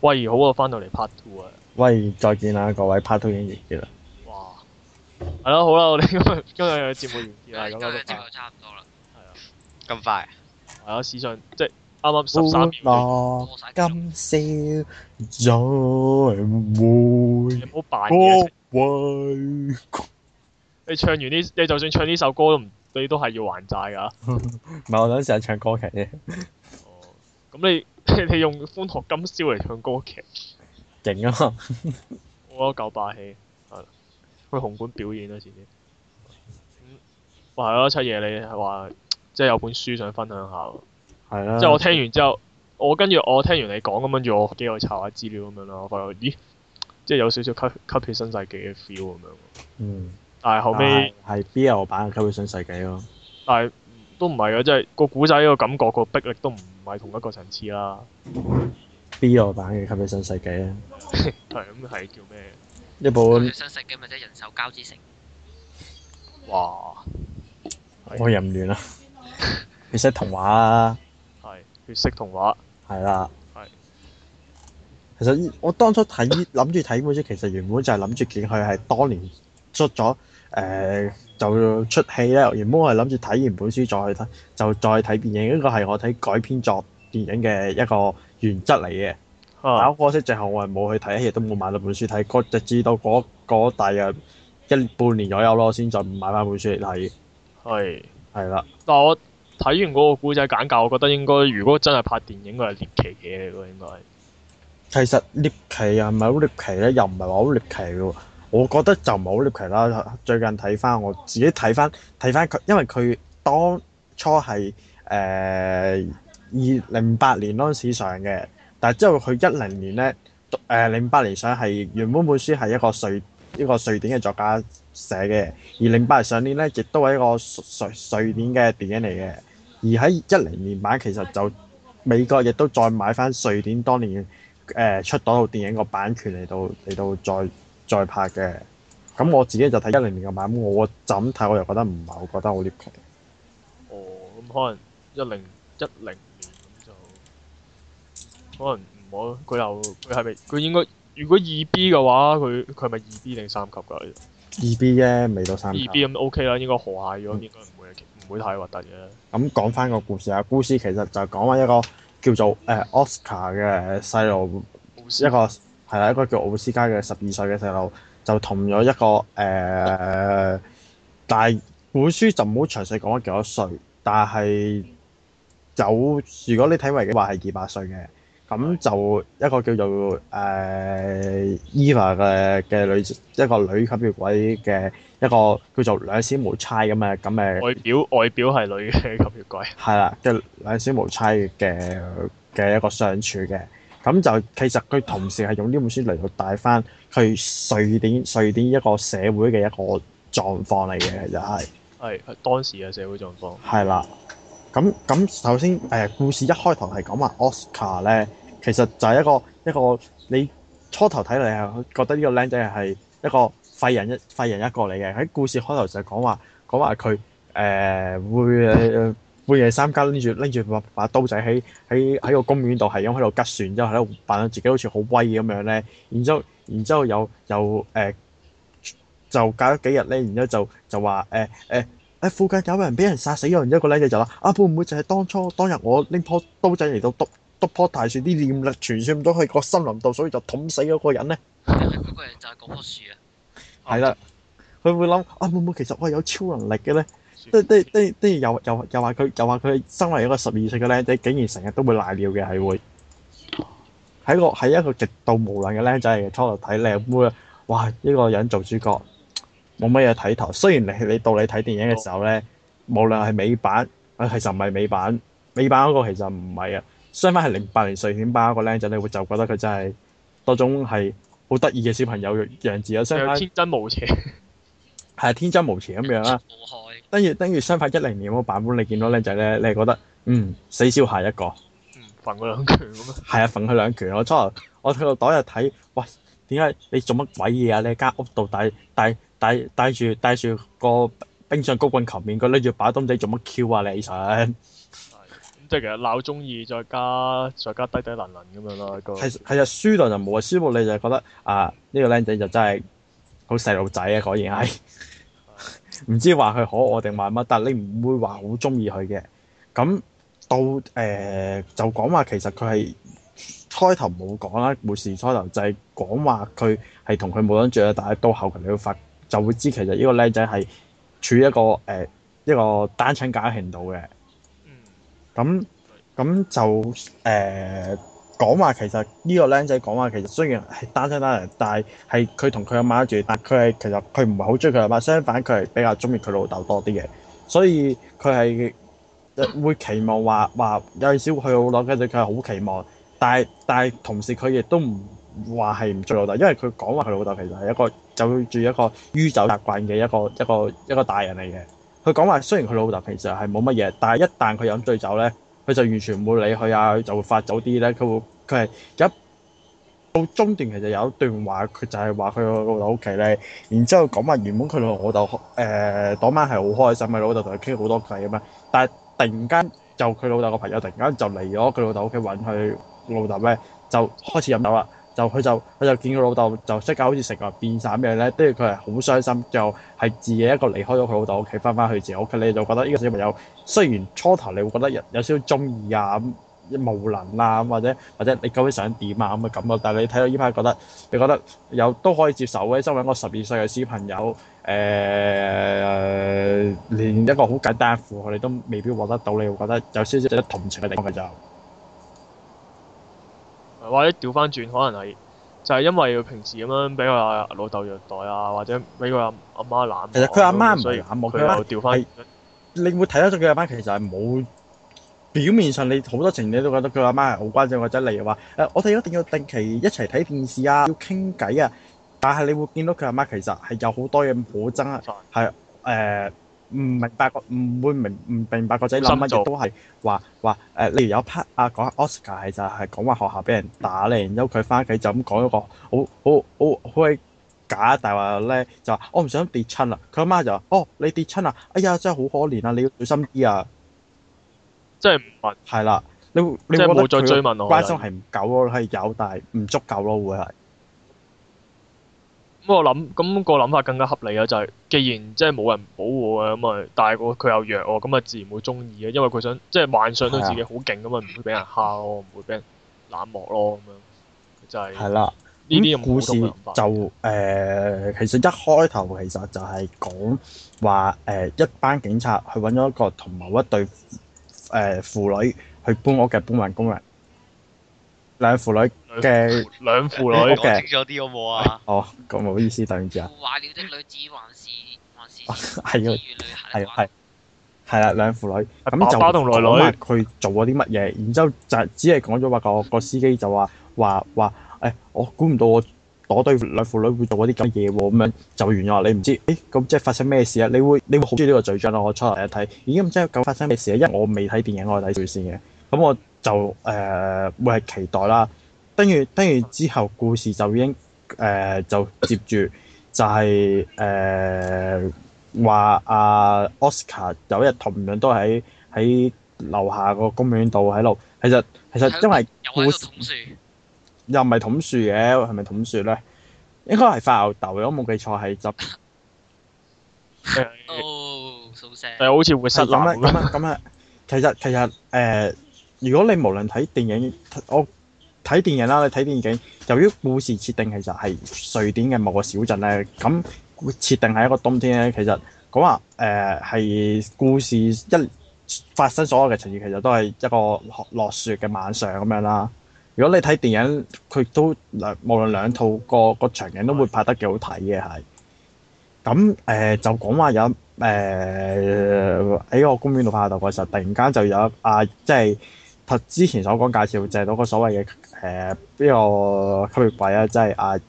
喂，好啊，翻到嚟 part two 啊！喂，再見啦，各位、嗯、2 part two 已經完結啦。哇，係咯，好啦，我哋今日今日節目完結啦，咁啦對，差唔多啦，係啊了，咁快啊？係啊，史上即係啱啱十三秒。今宵再會歌會，你，會你唱完呢？你就算唱呢首歌都唔，你都係要還債噶、啊。唔係 我等陣時唱歌劇啫。 哦，咁你？你 你用《歡樂今宵》嚟唱歌劇，型害啊！ 我覺得夠霸氣，係去紅館表演咯，之前。話係咯，七爺你話即係有本書想分享下，的即係我聽完之後，我跟住我聽完你講咁，跟住我幾個查下資料咁樣咯。我發現咦，即係有少少吸吸血新世紀嘅 feel 咁樣。嗯，但係後尾，係 BL 版嘅吸血新世紀咯。但係都唔係啊，嗯、即係個古仔個感覺、個逼力都唔。唔係同一個層次啦。B 六版嘅《吸血新世紀》啊，係咁係叫咩？一部《吸血新世紀》咪即係人手交之成。哇！我淫亂啦。血色童話啊。係。血色童話。係啦。係。其實我當初睇諗住睇本書，其實原本就係諗住見佢係多年出咗誒。就出戲咧，原本我係諗住睇完本書再去睇，就再睇電影。呢個係我睇改編作電影嘅一個原則嚟嘅。嗯、但可惜最後我係冇去睇，一亦都冇買到本書睇。嗰就知道嗰嗰大約一半年左右咯，先再買翻本書嚟睇。係是。係啦的。但我睇完嗰個故仔簡介，我覺得應該如果真係拍電影，應該係獵奇嘢嚟喎，應該是。其實獵奇又唔係好獵奇咧，又唔係話好獵奇嘅喎。我覺得就唔好理佢啦。最近睇翻我自己睇翻睇翻佢，因為佢當初係誒二零八年嗰陣時上嘅，但係之後佢一零年咧誒零八年上係原本本書係一個瑞一個瑞典嘅作家寫嘅，而零八年上年咧亦都係一個瑞瑞典嘅電影嚟嘅。而喺一零年版其實就美國亦都再買翻瑞典當年誒、呃、出嗰套電影個版權嚟到嚟到再。再拍嘅，咁我自己就睇一零年嘅版本，我咁睇，我又覺得唔係，好覺得好 cheap 嘅哦，咁可能一零一零年咁就可能唔好。佢又佢係咪佢應該如果二 B 嘅話，佢佢係咪二 B 定三級嘅？二 B 啫，未到三。二 B 咁 OK 啦，應該河蟹咗，應該唔會，唔、嗯、會太核突嘅。咁講翻個故事啊，故事其實就講返一個叫做誒、呃、Oscar 嘅細路，嗯嗯嗯、一個。係啦，一個叫奧斯卡嘅十二歲嘅細路，就同咗一個誒、呃，但係本書就唔好詳細講咗幾多歲，但係有如果你睇埋嘅話係二百歲嘅，咁就一個叫做誒、呃、Eva 嘅嘅女，一個女吸血鬼嘅一個叫做兩小無猜咁嘅咁嘅外表，外表係女嘅吸血鬼，係啦，嘅兩小無猜嘅嘅一個相處嘅。咁就其實佢同時係用呢本書嚟去帶翻去瑞典，瑞典一個社會嘅一個狀況嚟嘅，其實係係係當時嘅社會狀況。係啦，咁咁首先誒、呃、故事一開頭係講話 Oscar 咧，其實就係一個一個你初頭睇嚟係覺得呢個靚仔係一個廢人一廢人一個嚟嘅，喺故事開頭就係講話講話佢誒、呃、會。呃半夜三更拎住拎住把把刀仔喺喺喺個公園度，係咁喺度吉船，然之後喺度扮到自己好似好威咁樣咧。然之後，然之後又又誒，就隔咗幾日咧。然之後就就話誒誒誒，附近有人俾人殺死咗。然之後個僆仔就話：啊，會唔會就係當初當日我拎樖刀仔嚟到篤篤樖大樹啲念力傳輸到去個森林度，所以就捅死嗰個人咧？係嗰個人就係嗰樖樹啊！係啦，佢會諗：啊，會唔會其實我係有超能力嘅咧？即係啲又又又話佢，又話佢身為一個十二歲嘅僆仔，竟然成日都會瀨尿嘅，係會喺個喺一個極度無賴嘅僆仔嘅初頭睇靚妹，哇！呢個人做主角冇乜嘢睇頭。雖然你你到你睇電影嘅時候咧，無論係美版，其實唔係美版，美版嗰個其實唔係啊。相反係零八年瑞典版嗰個僆仔，你會就覺得佢真係多種係好得意嘅小朋友樣子啊，相反天真無邪，係天真無邪咁樣啦。跟住相反，一零年嗰版本，你見到靚仔咧，你係覺得嗯死少下一個，嗯，瞓佢兩拳咁啊？係啊，瞓佢兩拳。我初頭我喺個袋入睇，喂，點解你做乜鬼嘢啊？你間屋到底，帶帶帶住帶住個冰上高棍球面，佢拎住把刀仔做乜 Q 啊？你想？即係其實鬧中意再加再加低低能能咁樣咯。係係啊，輸到就就冇啊，輸你就係覺得啊，呢、呢個靚仔就真係好細路仔啊，果然係。嗯唔知話佢可愛定話乜，但係你唔會話好中意佢嘅。咁到誒、呃、就講話其實佢係開頭冇講啦，冇事初開頭就係講話佢係同佢冇人住啦，但係到後期你會發就會知其實呢個靚仔係處於一個、呃、一個單親家庭度嘅。咁咁就誒。呃講話其實呢、這個僆仔講話其實雖然係單身單人，但係係佢同佢阿媽住，但佢係其實佢唔係好中意佢阿媽，相反佢係比較中意佢老豆多啲嘅，所以佢係會期望話話有少少去老豆，跟住佢係好期望，但係但係同時佢亦都唔話係唔中意老豆，因為佢講話佢老豆其實係一個就住一個酗酒習慣嘅一個一個一個大人嚟嘅，佢講話雖然佢老豆平時係冇乜嘢，但係一旦佢飲醉酒咧。佢就完全唔會理佢啊！就會發走啲咧，佢會佢係一到中段其實有一段話，佢就係話佢老豆屋企咧，然之後講話原本佢老豆誒當晚係好開心嘅，老豆同佢傾好多偈咁樣，但係突然間就佢老豆個朋友突然間就嚟咗佢老豆屋企揾佢老豆咧，就開始飲酒啦。就佢就佢就見佢老豆就即刻好似食啊變曬咩咧，跟住佢係好傷心，就係自己一個離開咗佢老豆屋企，翻返去自己屋企。你就覺得呢個小朋友雖然初頭你會覺得有少少中意啊、無能啊，咁或者或者你究竟想點啊咁嘅感覺，但係你睇到依排覺得你覺得有都可以接受嘅，身為一個十二歲嘅小朋友，誒、呃呃、連一個好簡單嘅負荷你都未必獲得到，你會覺得有少少同情嘅地方嘅就。或者調翻轉，可能係就係因為佢平時咁樣俾佢老豆虐待啊，或者俾佢阿媽攬、啊。其實佢阿媽唔攬佢，又調翻。你會睇得出佢阿媽其實係冇表面上，你好多情你都覺得佢阿媽係好關心或者嚟話誒，我哋一定要定期一齊睇電視啊，要傾偈啊。但係你會見到佢阿媽，媽其實係有好多嘢好憎，係誒。呃唔明白個，唔會明唔明白個仔諗乜嘢都係話話誒，例如有 part 阿講 Oscar 係就係講話學校俾人打咧，然之後佢翻屋企就咁講一個好好好好假，但係話咧就話我唔想跌親啦，佢阿媽就話：哦，你跌親啦，哎呀真係好可憐啊，你要小心啲啊！即係唔問係啦，你即係冇再追問我。關心係唔夠咯，係有，但係唔足夠咯，會係。咁我諗，咁、那個諗法更加合理啊！就係、是，既然即係冇人保護啊，咁啊，但係個佢有弱喎，咁啊，自然會鍾意啊，因為佢想即係幻想到自己好勁咁啊，唔的會俾人蝦咯，唔會俾人冷漠咯咁樣，就係、是。係啦，呢啲故事就誒、呃，其實一開頭其實就係講話誒、呃、一班警察去揾咗一個同某一對誒、呃、婦女去搬屋嘅搬運工人，兩婦女。嘅的兩父女，嘅 Okay，清楚啲好冇啊、哎。哦，咁唔好意思，等一陣啊。壞了 啊、的女子，還是還是係要遠旅係係係啦。兩父女咁的就講埋佢做過啲乜嘢，然之後就只係講咗話個個司機就話話話誒，我估唔到我攞對兩父女會做嗰啲咁嘅嘢喎。咁樣就完咗，你唔知誒咁、哎、即係發生咩事啊？你會你會好中意呢個嘴張啊？我出嚟一睇，已經唔知究竟發生咩事啊。因為我未睇電影，我睇最先嘅，咁我就誒、呃、會係期待啦。跟住，跟住之後，故事就已經、呃、就接住就係誒話阿 Oscar 有一日同樣都喺喺樓下個公園度喺度。其實其實因為故事又唔係捅樹嘅，係咪捅樹咧？應該係發牛痘。如果冇記錯係執。係好似會失咁啊咁咁啊！其實其實誒、呃，如果你無論睇電影，我。睇電影啦，你睇電影。由於故事設定其實係瑞典嘅某個小鎮咧，咁設定係一個冬天咧，其實講話誒係故事一發生所有嘅情節，其實都係一個落雪嘅晚上咁樣啦。如果你睇電影，佢都兩無論兩套個個場景都會拍得幾好睇嘅，係咁誒。就講話有誒喺個公園度拍頭時候，突然間就有啊，即係頭之前所講介紹到、就係、個所謂嘅。誒邊、呃這個吸血鬼啊？即係阿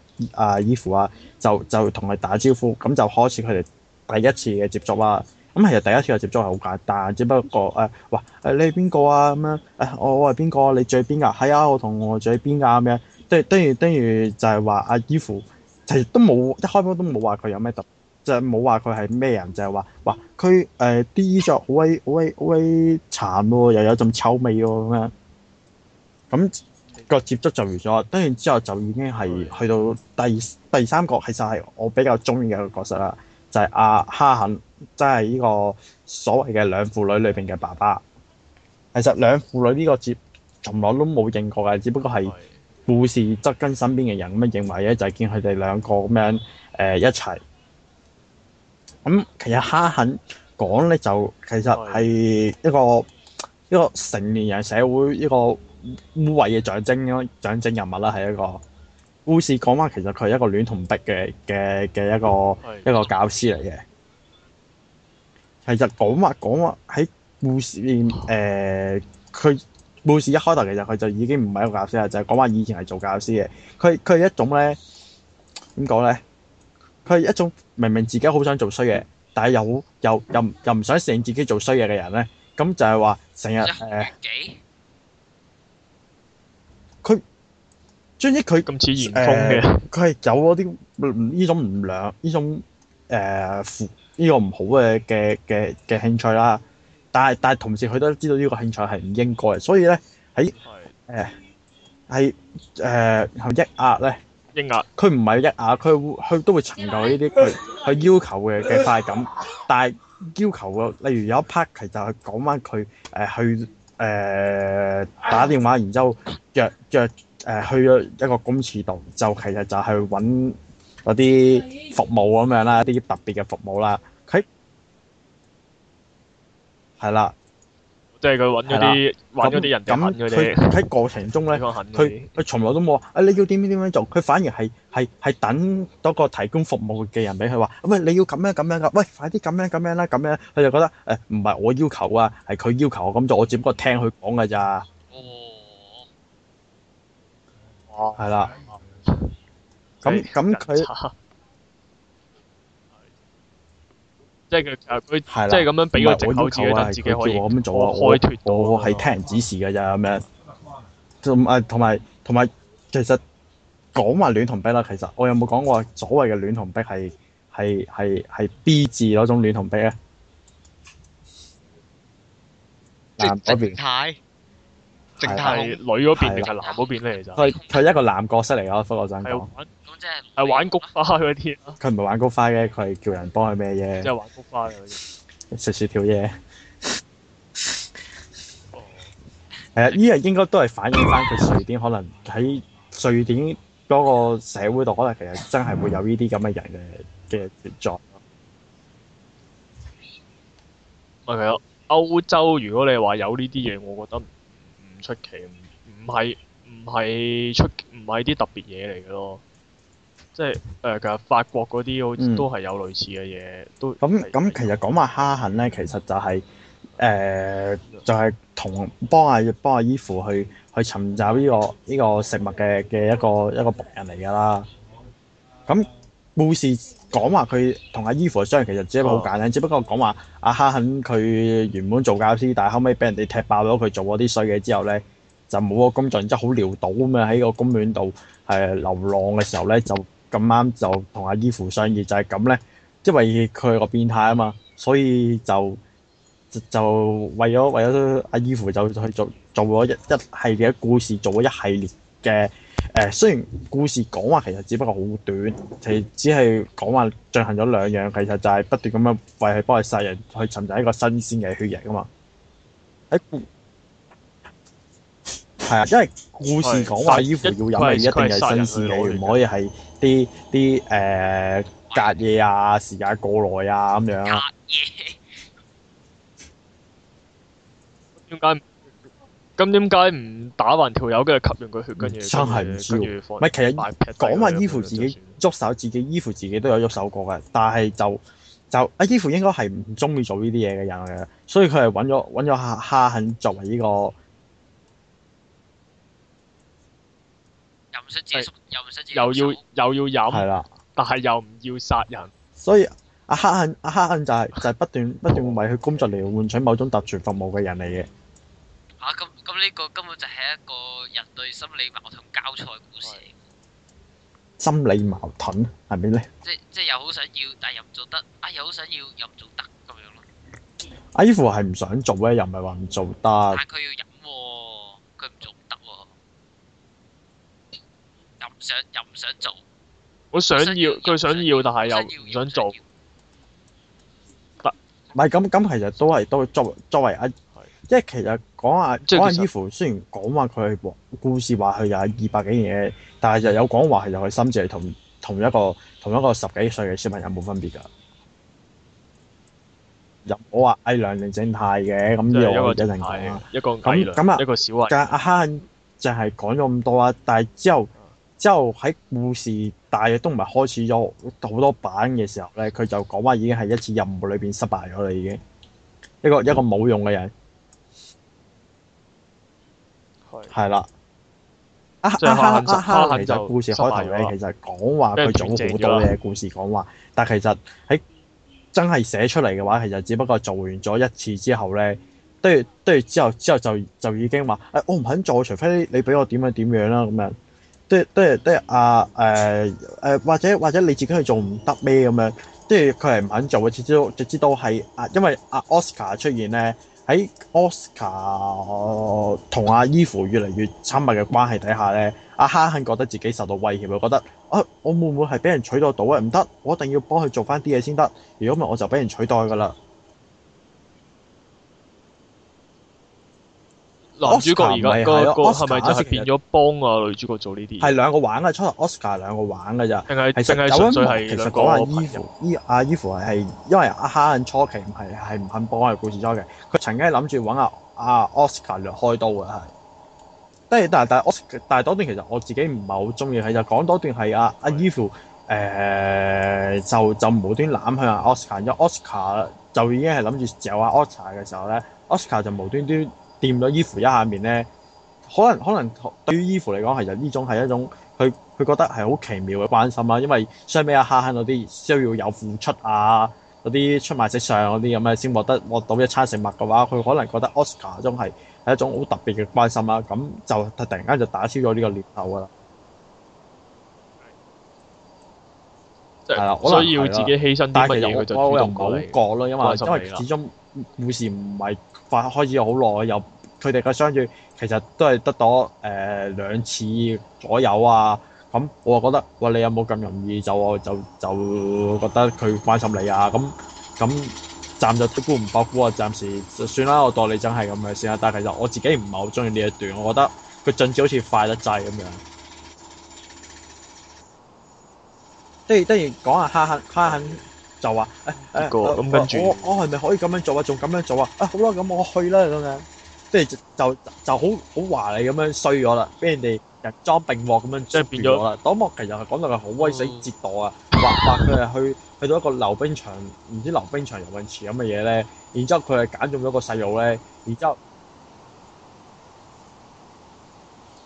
啊！伊芙啊，就就同佢打招呼，咁就開始佢哋第一次嘅接觸啦。咁、嗯、其實第一次嘅接觸係好簡單，只不過誒、呃，哇！你係邊個啊？咁樣、啊、我我係邊個？你住喺邊㗎？係啊，我同我住喺邊㗎？咩？即係等於等於就係話伊芙其實、就是、都冇一開波都冇話佢有咩特，就冇話佢係咩人，就係、是、話哇佢誒啲衣著好威，好威，好鬼殘喎，又有陣臭味喎、啊、咁樣咁。個接觸就完咗，跟住之後就已經係去到第第三個，其實係我比較中意嘅一個角色啦，就係、係、阿哈肯，即係呢個所謂嘅兩父女裏邊嘅爸爸。其實兩父女呢個接從來都冇認過嘅，只不過係故事側跟身邊嘅人咁樣對認為就係樣，就係見佢哋兩個咁樣誒一齊。咁、嗯、其實哈肯講咧，就其實係一個,對一,個一個成年人社會一個。污穢嘅象徵咯，象徵人物啦，係一個故事講話，其實佢係一個戀童癖嘅嘅嘅一個一個教師嚟嘅。其實講話講話喺故事面，誒，佢故事一開頭其實佢就已經唔係一個教師啦，就係講話以前係做教師嘅。佢佢係一種咧，點講咧？佢係一種明明自己好想做衰嘢，但係又又又又唔想承認自己做衰嘢嘅人咧。咁就係話成日誒。佢，即係佢，嘅。佢係、呃、有嗰啲呢種唔良、呢種誒、呃負呢個唔好嘅嘅嘅嘅興趣啦。但係但係同時佢都知道呢個興趣係唔應該，所以咧喺誒係誒係抑壓咧。抑壓。佢唔係抑壓，佢佢都會尋求呢啲佢佢要求嘅嘅快感， 但係要求嘅，例如有一 part 其實係講翻佢誒去。呃誒、呃，打電話然之後約約誒去咗一個公廁度，就其實就係揾嗰啲服務咁樣啦，一啲特別嘅服務啦，嘿、okay.，係啦。即係佢揾咗啲揾咗啲人狠佢哋，佢喺過程中咧，佢佢從來都冇話啊你要點樣點樣做，佢反而係係係等多個提供服務嘅人俾佢話，唔係你要咁樣咁樣噶，喂快啲咁樣咁樣啦咁樣，佢就覺得誒唔係我要求啊，係佢要求，咁就我只不過聽佢講噶咋。哦，哦，係啦，咁咁佢。即係佢，其實佢即係咁樣俾個藉口自己，自己可以我咁做啊！我我係聽人指示嘅又係咩？同啊，同埋同埋，其實講話戀童癖啦，其實我有冇講過所謂嘅戀童癖係係係係 B 字嗰種戀童癖咧？即係變態。淨係女嗰邊定係男嗰邊嚟就？佢佢一個男角色嚟咯，弗洛登係玩菊花嗰啲。佢唔係玩菊花嘅，佢叫人幫佢咩嘢？即係玩菊花嗰啲，食薯條嘢。係 啊，呢樣應該都係反映翻佢瑞典，可能喺瑞典嗰個社會度，可能其實真係會有呢啲咁嘅人嘅嘅存在。咪係咯，歐洲如果你話有呢啲嘢，我覺得。出奇，唔唔係唔係出唔係啲特別嘢嚟嘅咯，即係誒、呃、其實法國嗰啲好似都係有類似嘅嘢、嗯、都是。咁咁其實講話蝦痕咧，其實就係、是、誒、呃、就係、是、同幫阿幫阿姨父去去尋找呢、這個呢、這個食物嘅嘅一個一個僕人嚟㗎啦。咁故事講話佢同阿伊芙相，其實只不過好簡單，哦、只不過講話阿哈肯佢原本做教師，但係後尾俾人哋踢爆咗佢做嗰啲衰嘢之後咧，就冇個工作即係好潦倒啊嘛，喺個公園度係流浪嘅時候咧，就咁啱就同阿伊芙相遇就係咁咧，即係為佢係個變態啊嘛，所以就就，就為咗為咗阿伊芙就去做做咗一一系列嘅故事，做咗一系列嘅。誒，雖然故事講話其實只不過好短，係只係講話進行咗兩樣，其實就係不斷咁樣為係幫佢殺人，去尋找一個新鮮嘅血液噶嘛。喺，係啊，因為故事講話衣乎殺要飲喝嘅一,一定係新鮮嘅，唔可以係啲啲誒隔夜啊，時間過耐啊咁樣啊。咁點解唔打橫條友跟住吸完佢血跟住？然後然後真係唔知唔係其實講話衣扶自己喐手，自己衣扶自己都有喐手過嘅，對 但係就就阿依扶應該係唔中意做呢啲嘢嘅人嚟嘅，所以佢係揾咗揾咗下哈肯作為呢、這個。又要對了 又要飲係啦，但係又唔要殺人，所以阿哈肯阿哈肯就係、是、就係、是、不斷不斷為佢工作嚟換取某種特殊服務嘅人嚟嘅。吓咁咁呢個根本就係一個人對心理矛盾交錯嘅故事。心理矛盾係咪咧？即即又好想要，但又唔做得。啊，又好想要，又唔做得咁樣咯。阿姨父係唔想做咧，又唔係話唔做得。但係佢要飲，佢唔做唔得。又唔想，又唔想做。我想要，佢想要，但係又唔想做。得咪咁咁？其實都係都作作為阿，即係其實。講下講下，衣芙雖然講話佢故事話佢又係二百幾年嘅，但係又有講話係又係心智係同同一個同一個十幾歲嘅小朋友冇分別㗎。入我話係良性正態嘅，咁呢個一定係一個咁咁啊，一,一個小話，但阿哈淨係講咗咁多啊，但係之後之後喺故事大約都唔係開始咗好多版嘅時候咧，佢就講話已經係一次任務裏面失敗咗啦，已經一個、嗯、一個冇用嘅人。係啦，是的以啊啊其實故事開頭咧，其實講話佢講好多嘅故事講話，但其實喺真係寫出嚟嘅話，其實只不過做完咗一次之後咧，都都之後之後就就已經話誒、欸，我唔肯做，除非你俾我點樣點樣啦、啊、咁樣，即即即阿誒誒，或者或者你自己去做唔得咩？咁樣，即係佢係唔肯做，知道知道都係阿，因為阿、啊、Oscar 出現咧。喺奧斯卡同阿伊芙越嚟越親密嘅關係底下呢，阿哈肯覺得自己受到威脅，佢覺得啊，我會唔會係畀人取代到啊？唔得，我一定要幫佢做翻啲嘢先得，如果唔係我就畀人取代㗎喇。Oscar 男主角而家個個係咪真係變咗幫啊女主角做呢啲？係兩個玩嘅初頭，Oscar 係兩個玩嘅咋，定係定係純粹係兩個朋友，依啊，依扶係因為阿哈恩初期唔係係唔肯幫啊。故事初期，佢曾經諗住揾阿阿 Oscar 嚟開刀嘅係。但係但係但係 O，但係嗰段其實我自己唔係好中意係就講嗰段係阿阿姨父，誒就就無端攬向阿、啊、Oscar，因為 Oscar 就已經係諗住嚼阿、啊、Oscar 嘅時候咧、啊、，Oscar 就無端端。掂咗衣服一下面咧，可能可能對於衣服嚟講係其實呢種係一種佢佢覺得係好奇妙嘅關心啦。因為相比一下下嗰啲需要有付出啊嗰啲出賣色相嗰啲咁啊，先獲得獲到一餐食物嘅話，佢可能覺得 Oscar 種係係一種好特別嘅關心啦。咁就突然間就打消咗呢個念頭噶啦。係啦、就是，我需要自己犧牲啲乜嘢，就過我又唔好講啦，因為因為始終。護士唔係發開始好耐，又佢哋嘅相處其實都係得到誒、呃、兩次左右啊。咁我就覺得，喂，你有冇咁容易就我就就覺得佢關心你啊？咁咁暫就的估唔抱估啊，暫時就算啦。我當你真係咁樣先啦。但係其實我自己唔係好中意呢一段，我覺得佢進展好似快得滯咁樣。的的，然講下哈肯哈就話誒誒我我係咪可以咁樣做啊？仲咁樣做啊？啊好啦，咁我去啦咁樣，即係就就好好華麗咁樣衰咗啦，俾人哋日裝並獲咁樣即係變咗啦。嗰一幕其實係講到係好威水折墮啊！話話佢係去去到一個溜冰場，唔知溜冰場游泳池咁嘅嘢咧，然之後佢係揀中咗個細路咧，然之後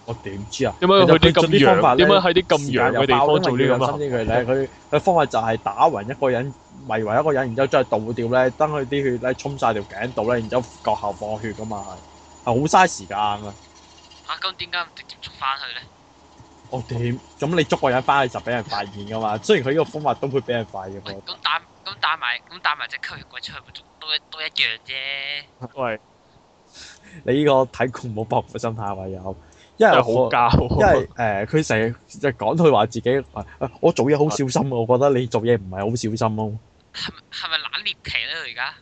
我點知啊？點解佢啲咁啲方法？點解喺啲咁樣嘅地方做呢個嘅？係佢佢方法就係打暈一個人。迷為一個人，然之後將佢倒掉咧，等佢啲血咧沖晒條頸度咧，然之後割喉放血噶嘛，係好嘥時間的啊！嚇，咁點解唔直接捉翻佢咧？我點、哦？咁你捉個人翻去就俾人發現噶嘛？ 雖然佢呢個方法都會俾人發現。喂，咁咁打埋咁打埋隻吸血鬼出去，都都一,一樣啫。喂，你呢個睇佢冇白嘅心態喎，有，因為好膠、哦、因為誒佢成日就講佢話自己，我做嘢好小心啊，我覺得你做嘢唔係好小心咯。係係咪懶獵奇咧？而家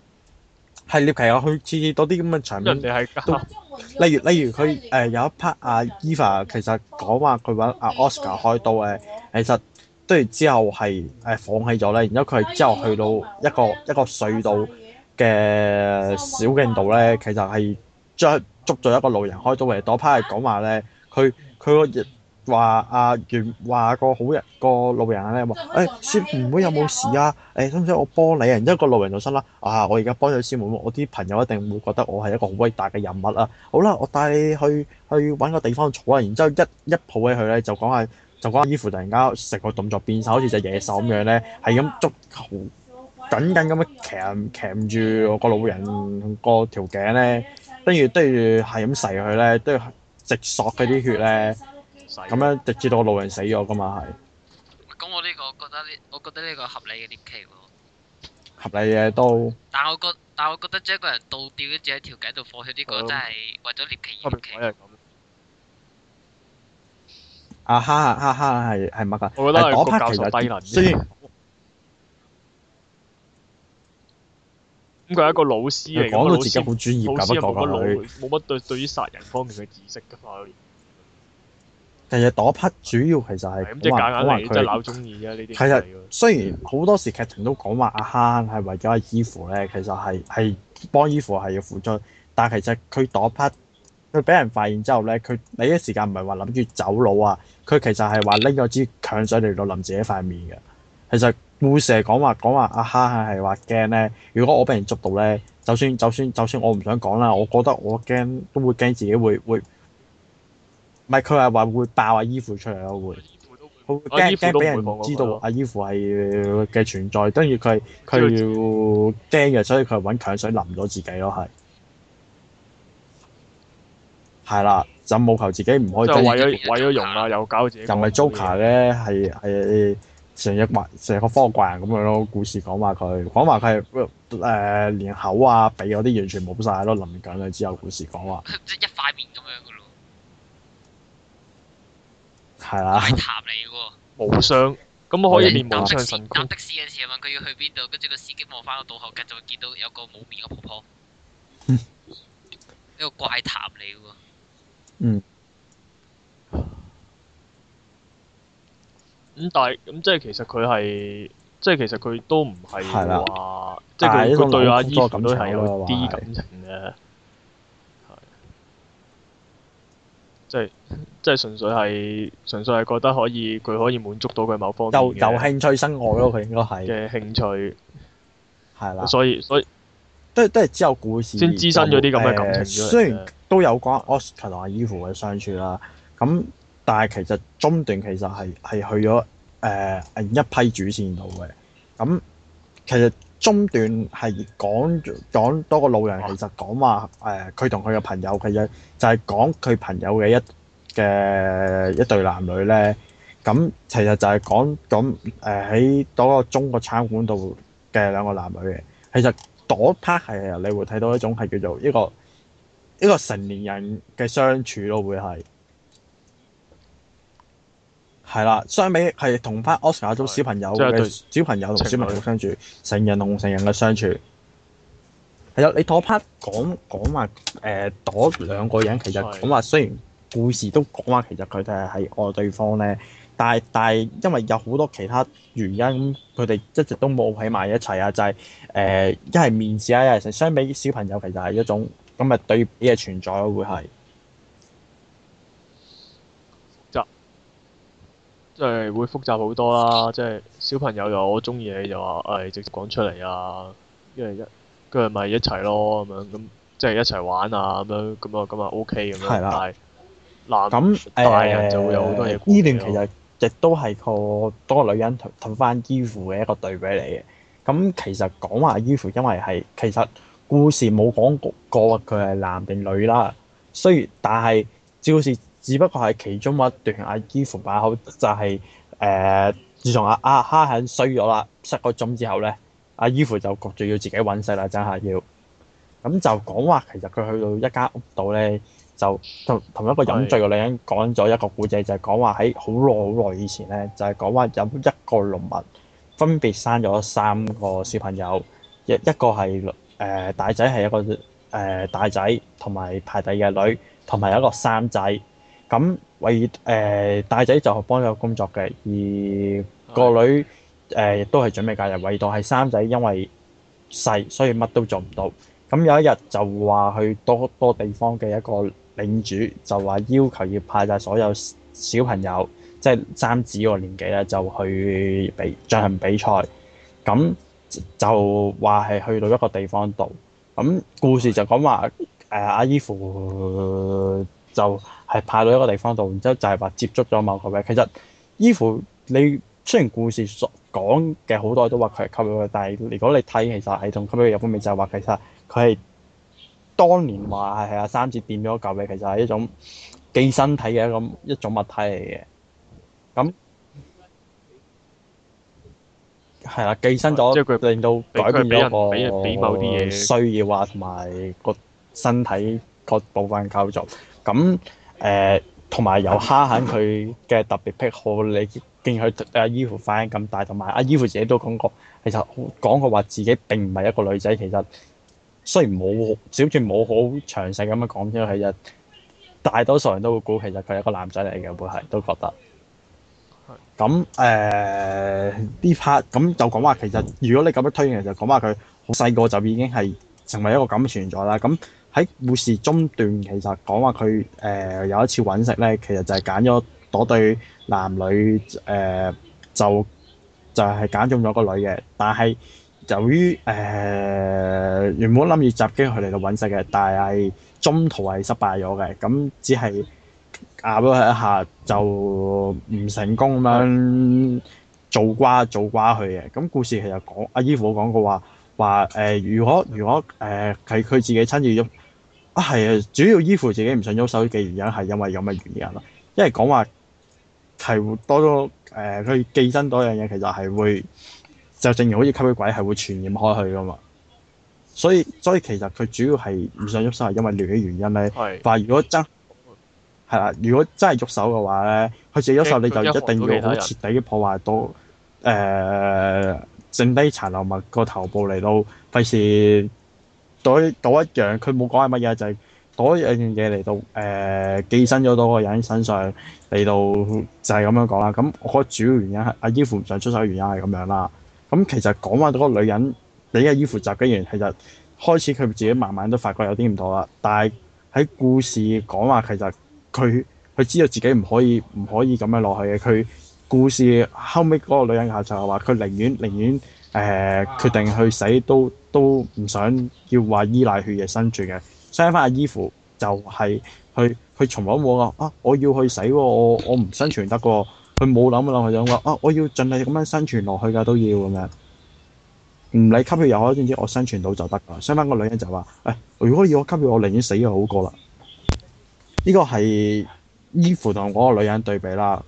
係獵奇啊！佢次次多啲咁嘅場面，例如例如佢誒有一 part 啊，Eva 其實講話佢揾阿 Oscar 開刀誒，都其實跟住之後係誒放棄咗咧，然之後佢係之後去到一個、嗯、一個隧道嘅小徑度咧，嗯嗯嗯嗯、其實係將捉咗一個路人開刀嘅。嗰 part 係講話咧，佢佢個。佢佢話啊，完話個好人個老人咧，話、欸、誒，師妹，妹有冇事啊？誒、欸，使唔使我幫你啊？然之後個老人就心啦，啊，我而家幫咗師妹，我啲朋友一定會覺得我係一個好偉大嘅人物啊！好啦，我帶你去去揾個地方坐啊。然之後一一抱起佢咧，就講下就講，衣服突然間成個動作變晒，好似隻野獸咁樣咧，係咁捉緊緊咁樣鉗鉗住個老人個條頸咧，跟住跟住係咁噬佢咧，跟住直索嗰啲血咧。咁樣直至到個路人死咗噶嘛係？咁我呢個覺得呢，我覺得呢個合理嘅獵奇喎。合理嘅都。但我覺得，但我覺得將個人倒吊咗住喺條頸度放血呢個真係為咗獵奇而獵奇。阿哈阿哈，係係乜啊？我覺得係個教授低能啲。咁佢係一個老師嚟，講到自己好專業噶，不過女，冇乜對對於殺人方面嘅知識噶嘛。其實躲一匹主要其實係講話佢。其實雖然好多時劇情都講話阿坑係為咗阿姨芙咧，其實係係幫姨芙係要付出。但其實佢躲一匹，佢俾人發現之後咧，佢第一時間唔係話諗住走佬啊，佢其實係話拎咗支強水嚟到淋自己塊面嘅。其實會成日講話講話阿坑係話驚咧，如果我俾人捉到咧，就算就算就算我唔想講啦，我覺得我驚都會驚自己會會。唔係佢係話會爆下衣服出嚟咯，會佢驚驚俾人知道阿伊芙係嘅存在，跟住佢佢要驚嘅，所以佢揾強水淋咗自己咯，係係啦，就冇求自己唔可以。即為咗為咗用啦，又搞自己。又係 Joker 咧，係係成日成個科學怪人咁樣咯。故事講話佢講話佢係誒連口啊鼻嗰啲完全冇晒咯，淋緊嘅之後故事講話即一塊面咁樣。係啦，係怪談嚟噶喎，無雙。咁我可以面無雙神。搭的士嘅時候，問佢要去邊度，跟住個司機望翻個倒後鏡，就會見到有個冇面嘅婆婆。呢 個怪談嚟喎。嗯。咁但係，咁即係其實佢係，即係其實佢都唔係話，吧即係佢對阿姨咁都係有啲感情嘅。即係即純粹係純粹係覺得可以佢可以滿足到佢某方面嘅，面有，有興趣生愛咯，佢應該係嘅、嗯、興趣係啦的。所以所以都都係之後故事先滋生咗啲咁嘅感情。呃、雖然都有關 Oscar 同阿依芙嘅相處啦，咁、嗯、但係其實中段其實係係去咗誒、呃、一批主線度嘅咁，其實，中段係講講多個路人，其實講話誒，佢同佢嘅朋友嘅一就係、是、講佢朋友嘅一嘅一對男女咧。咁其實就係講咁誒，喺嗰、呃、個中國餐館度嘅兩個男女嘅，其實嗰 part 係你會睇到一種係叫做一個一個成年人嘅相處咯，會係。係啦，相比係同 Oscar 做小朋友嘅小朋友同小朋友相處，就是、成人同成人嘅相處，係啊，你嗰 part 講講話誒，嗰、欸、兩個人其實講話雖然故事都講話其實佢哋係愛對方咧，但係但係因為有好多其他原因，佢哋一直都冇喺埋一齊啊，就係誒一係面子啊，一係相比小朋友其實係一種咁嘅對比嘅存在、啊、會係。即係會複雜好多啦，即、就、係、是、小朋友又好中意你就話誒、哎、直接講出嚟，就是、啊，跟住一跟住咪一齊咯咁樣，咁即係一齊玩啊咁樣，咁啊咁啊 OK 咁樣，但係男嗱，咁大那人就會有好多嘢顧慮。依段其實亦都係個多個女人同翻依父嘅一個對比嚟嘅。咁其實講話依父因為係其實故事冇講過佢係男定女啦。雖然但係只好似。只不過係其中一段阿姨父把口就係、是、誒、呃，自從阿阿哈肯衰咗啦，失個鐘之後咧，阿姨父就焗住要自己揾世啦，真係要咁就講話。其實佢去到一家屋度咧，就同同一個飲醉嘅女人講咗一個故仔是，就係講話喺好耐好耐以前咧，就係講話有一個農民分別生咗三個小朋友，一個是、呃、是一個係誒、呃、大仔，係一個誒大仔，同埋排第二嘅女，同埋一個三仔。咁為誒大仔就幫咗工作嘅，而個女亦，呃、都係準備嫁人。唯獨係三仔因為細，所以乜都做唔到。咁有一日就話去多多地方嘅一個領主，就話要求要派晒所有小朋友，即係三子個年紀咧，就去比進行比賽。咁就話係去到一個地方度，咁故事就講話阿姨父。呃啊就係派到一個地方度，然之後就係、是、話接觸咗某個嘢。其實依乎你，雖然故事所講嘅好多都話佢係吸血鬼，但係如果你睇、就是，其實係同吸血鬼有方面就係話其實佢係當年話係阿三子點咗嚿嘅。其實係一種寄生體嘅咁一,一種物體嚟嘅。咁係啦，寄生咗令到改變咗個某啲嘢需要啊，同埋個身體各部分構造。咁誒，同埋有蝦喺佢嘅特別癖好， 你見佢阿姨父反應咁大，同埋阿姨父自己都講過，其實講過話自己並唔係一個女仔。其實雖然冇少少冇好詳細咁樣講出嚟，其實大多數人都會估其實佢係一個男仔嚟嘅，會係都覺得。咁誒， 呢 part 咁就講話其實，如果你咁樣推嘅時候，講話佢好細個就已經係成為一個咁嘅存在啦。咁。喺故事中段，其實講話佢誒有一次揾食咧，其實就係揀咗嗰對男女誒、呃，就就係、是、揀中咗個女嘅。但係由於誒、呃、原本諗住襲擊佢嚟到揾食嘅，但係中途係失敗咗嘅，咁只係咬咗佢一下就唔成功咁樣做瓜做瓜佢嘅。咁故事其實講阿姨父講過話話、呃、如果如果誒佢、呃、自己親自咗。啊，係啊！主要依附自己唔想喐手嘅原因係因為有咩原因咯？因為講話係多咗，誒、呃，佢寄生多樣嘢，其實係會就正如好似吸血鬼係會傳染開去噶嘛。所以所以其實佢主要係唔想喐手係因為亂嘅原因咧。但話、嗯、如果真係啦、嗯，如果真係喐手嘅話咧，佢自己喐手，你就一定要好徹底嘅破壞到誒、呃、剩低殘留物個頭部嚟到費事。倒躲一樣，佢冇講係乜嘢，就係、是、倒一樣嘢嚟、呃、到，誒寄生咗到個人身上嚟到就，就係咁樣講啦。咁我覺得主要原因係阿姨父唔想出手原因係咁樣啦。咁其實講話嗰個女人俾阿姨父襲，跟住其實開始佢自己慢慢都發覺有啲唔妥啦。但係喺故事講話，其實佢佢知道自己唔可以唔可以咁樣落去嘅。佢故事後尾嗰個女人下就係話，佢寧願寧願誒決定去死都。都唔想要話依賴血液生存嘅。相反阿伊芙就係去去重揾我個啊，我要去死喎，我我唔生存得喎。佢冇諗啊諗，佢諗話啊，我要盡力咁樣生存落去㗎，都要咁樣。唔理吸血又好，總之我生存到就得啦。相反個女人就話，喂、哎，如果要我吸血，我寧願死咗好過啦。呢、呢個係伊芙同嗰個女人對比啦。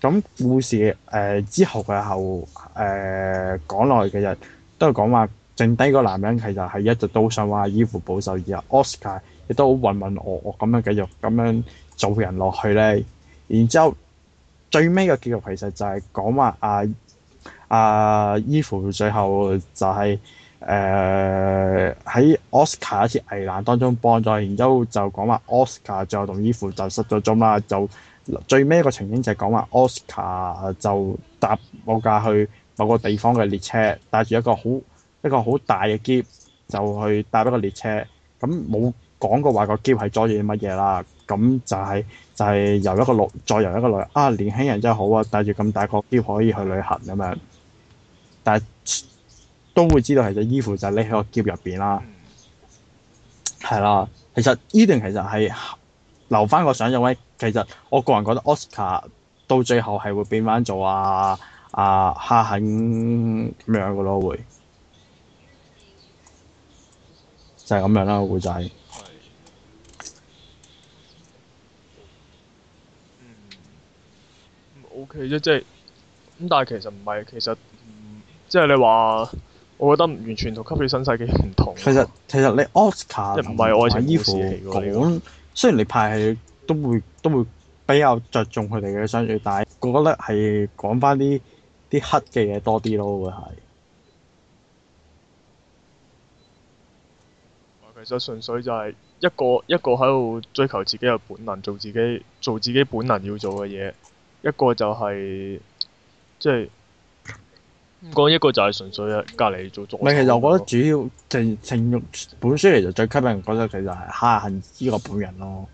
咁故事誒、呃、之後嘅後誒講落去其實都係講話。剩低個男人其實係一直都想話，伊芙保守而阿 Oscar 亦都好混混噩噩咁樣繼續咁樣做人落去咧。然之後最尾嘅結局其實就係講話啊啊，伊、啊、芙最後就係、是、誒喺、呃、Oscar 一次危難當中幫咗，然之後就講話 Oscar 最後同伊芙就失咗蹤啦。就最尾一個情景就係講話 Oscar 就搭某架去某個地方嘅列車，帶住一個好。一個好大嘅篋就去搭一個列車，咁冇講過話個篋係載住乜嘢啦，咁就係、是、就係、是、由一個旅再由一個旅啊！年輕人真係好啊，帶住咁大個篋可以去旅行咁樣，但係都會知道係只衣服就匿喺個篋入邊啦，係啦、嗯。其實依段其實係留翻個想象位，其實我個人覺得 Oscar 到最後係會變翻做啊，啊，哈肯咁樣噶咯，會。就係咁樣啦，會仔。嗯。OK 啫、就是，即係。咁但係其實唔係，其實，即、嗯、係、就是、你話，我覺得唔完全同《吸血新世紀》唔同。其實其實你 Oscar 唔係我係依附講，雖然你派係都會都會比較着重佢哋嘅相處，但係我覺得係講翻啲啲黑嘅嘢多啲咯，會係。其實純粹就係一個一個喺度追求自己嘅本能，做自己做自己本能要做嘅嘢。一個就係、是、即係，講一個就係純粹嘅隔離做足。其實我覺得主要情情欲本書嚟就最吸引，覺得其就係哈恨呢個本人咯。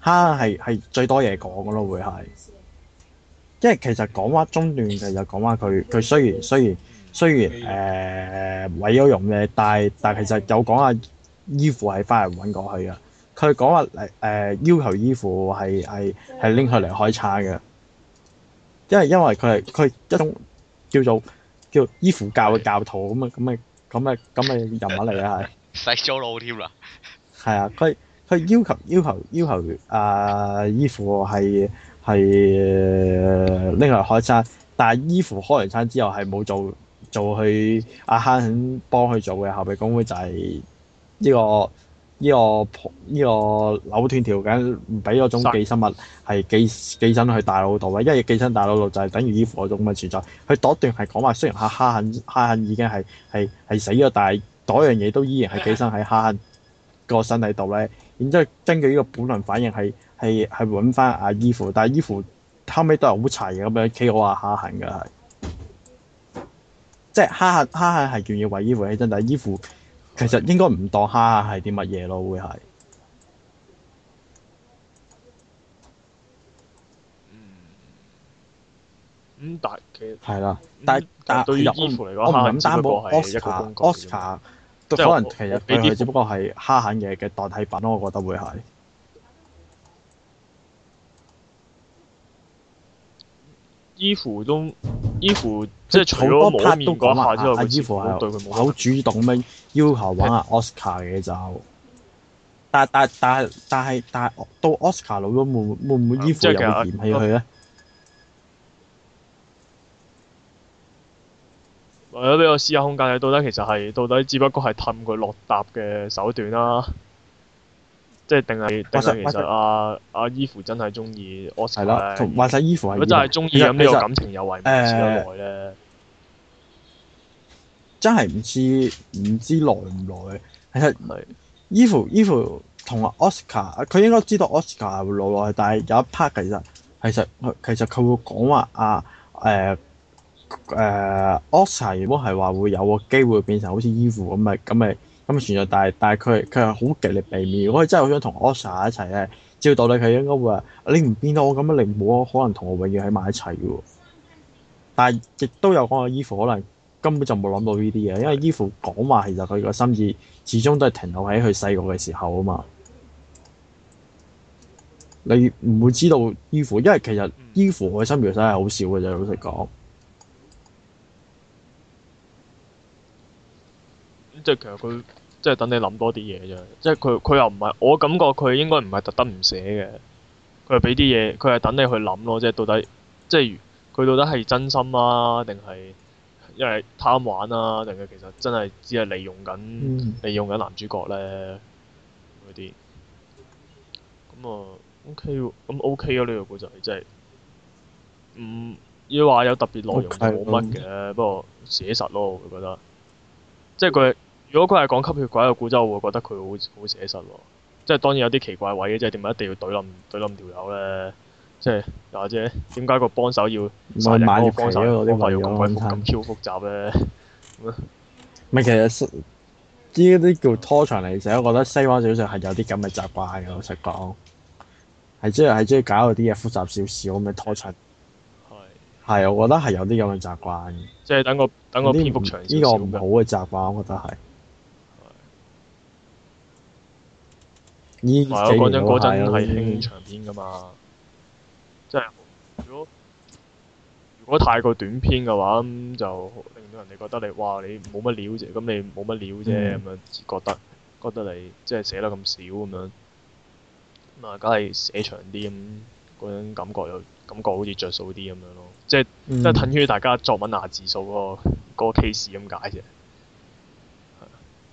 哈係係最多嘢講噶咯，會係，即係其實講話中段就就講話佢佢雖然雖然雖然誒毀咗容嘅，但係但係其實有講下。衣服係翻嚟揾過去嘅，佢講話誒誒要求衣服係係係拎佢嚟開餐嘅，因為因為佢係佢一種叫做叫衣服教嘅教徒咁啊咁啊咁啊咁啊人物嚟嘅係，使咗腦添啊，係啊，佢佢要求要求要求啊衣、呃、服係係拎佢嚟開餐，但係衣服開完餐之後係冇做做去阿坑肯幫佢做嘅後備工會就係、是。呢、這個呢、這個呢、這個扭斷條筋唔俾嗰種寄生物係寄 Sorry. 是寄，寄，寄，寄生去大腦度啦。因為寄生大腦度就係等於依附嗰種物存在。佢躲斷係講話，雖然哈哈痕哈痕已經係係係死咗，但係嗰樣嘢都依然係寄生喺哈痕個身體度咧。然之後根據呢個本能反應係係係揾翻阿依附，但係依附後尾都係好齊嘅咁樣企我阿哈痕嘅，即係哈痕哈痕係願意為依附犧牲，但係依附。其實應該唔當蝦蟹係啲乜嘢咯，會係。嗯。咁但其實係啦，但但對入唔，我唔係咁擔保 Oscar，Oscar 都可能其實佢只不過係蝦蟹嘢嘅代替品咯，我覺得會係。衣乎都衣乎，即係除咗冇面講下之外，阿依乎係好主動咁樣要求玩下 Oscar 嘅就，但但但但係但係到 Oscar 老咗，會會唔會依乎又嫌棄佢咧？啊啊啊啊、為咗俾我私下空間，到底其實係到底只不過係氹佢落搭嘅手段啦、啊。即係定係？其實阿阿伊芙真係中意 Oscar 啦，換曬伊芙係。真係中意咁，呢個感情有維持得耐咧、呃。真係唔知唔知耐唔耐？其實伊芙的伊芙同阿 Oscar，佢應該知道 Oscar 會老落去，但係有一 part 其實其實其實佢會講話阿誒誒 Oscar 如果係話會有個機會變成好似伊芙咁咪咁咪。咁啊存在，但係但係佢佢係好極力避免。如果佢真係好想同 Osa、er、一齊咧。照道理佢應該會話：你唔變到我咁樣，你冇可能同我永遠喺埋一齊嘅喎。但係亦都有講啊，伊芙可能根本就冇諗到呢啲嘢，因為伊芙講話其實佢個心智始終都係停留喺佢細個嘅時候啊嘛。你唔會知道伊芙，因為其實伊芙嘅心其實係好少嘅啫，老實講。即係其實佢即係等你諗多啲嘢啫，即係佢佢又唔係，我感覺佢應該唔係特登唔寫嘅，佢係俾啲嘢，佢係等你去諗咯，即係到底，即係佢到底係真心啊，定係因為貪玩啊，定係其實真係只係利用緊、嗯、利用緊男主角咧嗰啲。咁啊，OK 咁、哦、OK 啊呢、呢個故事真係，唔要話有特別的內容就冇乜嘅，okay, uh, 不過寫實咯，我覺得。即係佢，如果佢係講吸血鬼嘅古仔，我會覺得佢好好寫實喎。即係當然有啲奇怪的位嘅，即係點解一定要懟冧懟冧條友咧？即係又或者點解個幫手要殺人嗰、嗰個幫手個要，嗰啲內容咁超複雜咧？咪、嗯、其實呢啲叫拖場嚟寫，我覺得西灣小說係有啲咁嘅習慣嘅，我實講，係中意係中意搞嗰啲嘢複雜少少咁嘅拖場。係啊，我覺得係有啲咁嘅習慣。即係、嗯就是、等個等個篇幅長少少。呢個、唔好嘅習慣，我覺得係。唔係對，我講真，嗰陣係興長篇㗎嘛。些即係如果如果太過短篇嘅話，咁就令到人哋覺得你哇你冇乜料啫，咁你冇乜料啫咁、嗯、樣覺得覺得你即係寫得咁少咁樣。咁啊，梗係寫長啲咁。嗰種感覺又感覺好似着數啲咁樣咯，即係等於大家作文字數嗰、嗰個嗰個 case 咁解啫。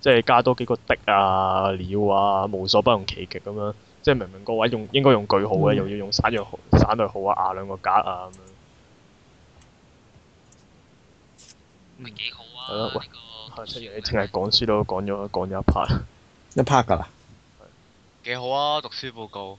即係、就是、加多幾個的啊、料啊，無所不用其極咁樣。即、就、係、是、明明個位用應該用句號嘅，嗯、又要用省略號、省略號啊，加兩個格啊咁樣。幾、嗯、幾好啊！係咯、嗯，啊、喂，七月你淨係講書都講咗講咗一 part，一 part 㗎啦。嗯、 幾好啊！讀書報告。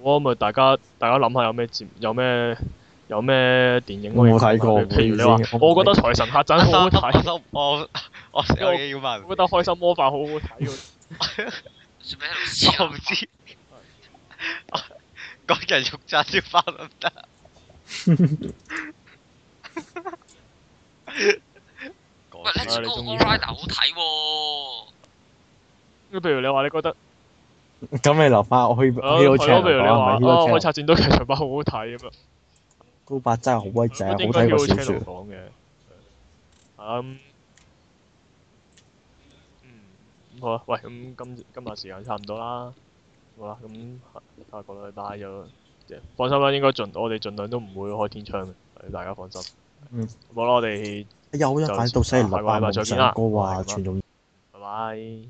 我咪大家大家諗下有咩節，有咩有咩電影我睇過？譬如你話，我覺得財神客棧好好睇，我我有嘢要問。覺得開心魔法好好睇，我唔知。講人肉叉燒包都唔得。喂，你仲覺得《Operator》好睇？咁譬如你話，你覺得？咁你留翻我去，我譬如你話，我拆剪刀劇場版好好睇啊嘛。高八真係好威正，好睇個小說。咁，嗯，咁好啦，喂，咁今今日時間差唔多啦，好啦，咁下一個禮拜就放心啦，應該盡我哋盡量都唔會開天窗嘅，大家放心。嗯，好啦，我哋又又到星期六啊，冇上過啊，全仲，拜拜。